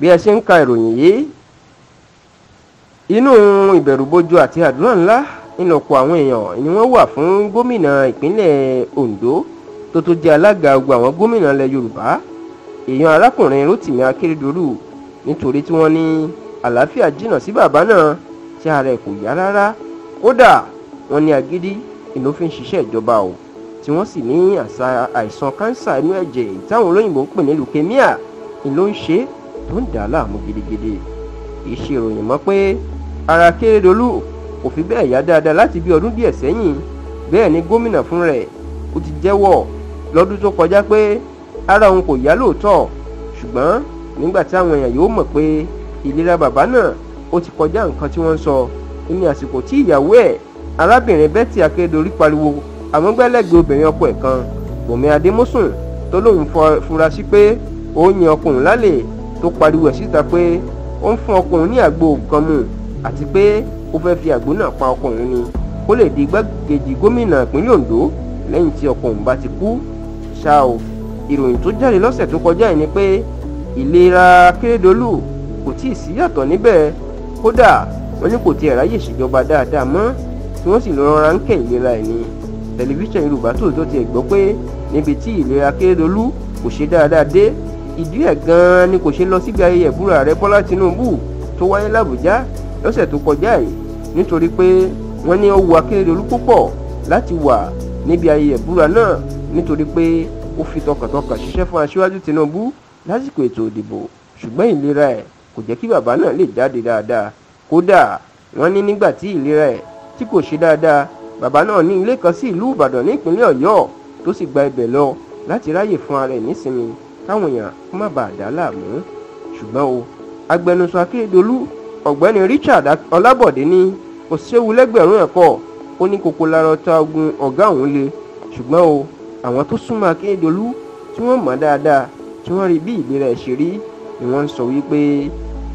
bí ẹ ṣe ń ka ìròyìn yìí inú ìbẹ̀rùbojo àti àdúrà ńlá ìlọ̀pọ̀ àwọn èèyàn ni wọ́n wà fún gómìnà ìpínlẹ̀ Ondo tó tó jẹ́ alága ogun àwọn gómìnà ilẹ̀ Yorùbá èèyàn arákùnrin Rotimi Akeredolu nítorí tí wọ́n ní àlàáfíà jìnnà sí bàbá náà tí ara ẹ̀ kò yá rárá kódà wọ́n ní agídí ìlú fi ń ṣiṣẹ́ ìjọba o tí wọ́n sì ní àìsàn kánsà inú ẹ̀jẹ̀ táwọn olóyìnbó ń pè ní leukemia ìlú ń ṣe é tó ń dà á láàmú gidigidi ìṣe ìròyìn mọ́ pé ara Kérédolú kò fi bẹ́ẹ̀ yá dáadáa láti bí ọdún díẹ̀ sẹ́yìn bẹ́ẹ̀ ni gómìnà fún rẹ̀ ó ti jẹ́wọ́ lọ́dún tó kọjá pé ara òun kò yá lóòótọ́ ṣùgbọ́n nígbà tí àwọn èèyàn yóò mọ̀ pé ìlera bàbá náà ó ti kọjá nǹkan tí wọ́n ń sọ ní àsìkò tí ìyàwó ẹ̀ arábìnrin Betty Akérédolú pariwo àmúgbálẹ́gbẹ̀ẹ́ obìnrin ọkọ ẹ̀ kan Bùnmi Adémọ́sùn tó lóun fura sí pé ó ń yan ọkùnrin lálẹ́ tó pariwo ẹ̀ síta pé ó ń fún ọkùnrin ní àgbo kan mu àti pé ó fẹ́ fi àgbo náà pa ọkùnrin ni kó lè di igbákejì gómìnà ìpínlẹ̀ Ondo lẹ́yìn tí ọkùnrin bá ti kú ṣá o ìròyìn tó jáde lọ́sẹ̀ tó kọjá yìí ni pé ìlera Akérédolú kò tíì sí yàtọ̀ níbẹ̀ kódà wọn ní kò tiẹ̀ ráyè ṣèjọba dáadáa mọ́ tí wọ́n sì lọ rọra ń ìlera ẹ̀ ni tẹlifíṣàn Yorùbá Tòótọ́ tiẹ̀ gbọ́ pé níbi tí ìlera Akérédolú kò ṣe dáadáa dé ìdí ẹ̀ gan-an ni kò ṣe lọ síbi ayẹyẹ ìbúra ààrẹ bọ́lá tinubu tó wáyé làbújá lọ́sẹ̀ tó kọjá yìí nítorí pé wọ́n ní ó wu akérèdọ́lù púpọ̀ láti wà níbi ayẹyẹ ìbúra náà nítorí pé ó fi tọkàntọkàn ṣiṣẹ́ fún aṣíwájú tinubu lásìkò ètò ìdìbò ṣùgbọ́n ìlera ẹ̀ kò jẹ́ kí bàbá náà lè jáde dáadáa kódà wọ́n ní nígbà tí ìlera ẹ̀ tí kò ṣe dáadáa bàbá náà ní ilé kan sí ìlú ìbàdàn ní ìpínlẹ̀ ọ̀yọ́ tó sì gba ibẹ̀ lọ láti ráyè fún ara ẹ̀ nísinmi káwọn èèyàn kó má bàa dá láàmú ṣùgbọ́n o agbẹnusọ akérédolú ọ̀gbẹ́ni Richard Ọlábọ̀dé ní kò séwu lẹ́gbẹ̀rún ẹ̀kọ́ ó ní kókó lára ọta ogun ọ̀gá òun le ṣùgbọ́n o àwọn tó súnmọ́ akérédolú tí wọ́n mọ̀ dáadáa tí wọ́n rí bí ìlera ẹ̀ ṣe rí ni wọ́n ń sọ wípé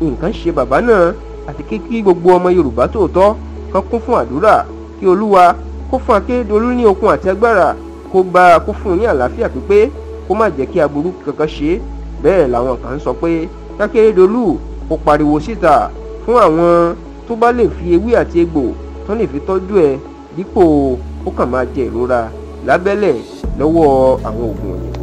nǹkan ṣe bàbá náà àti kí kí gbogbo ọmọ Yorùbá tòótọ́ kan kún fún àdúrà kí Olúwa kó fún akérédolú ní okun àti agbára kó bá a kó fún un ní àlàáfíà pípé kó má jẹ́ kí aburú kankan ṣe é bẹ́ẹ̀ làwọn kan sọ pé Akérédolú kó pariwo síta fún àwọn tó bá lè fi ewé àti egbò tó lè fi tọ́jú ẹ dípò ó kàn máa jẹ ìrora lábẹ́lẹ̀ lọ́wọ́ àwọn oògùn òyìnbó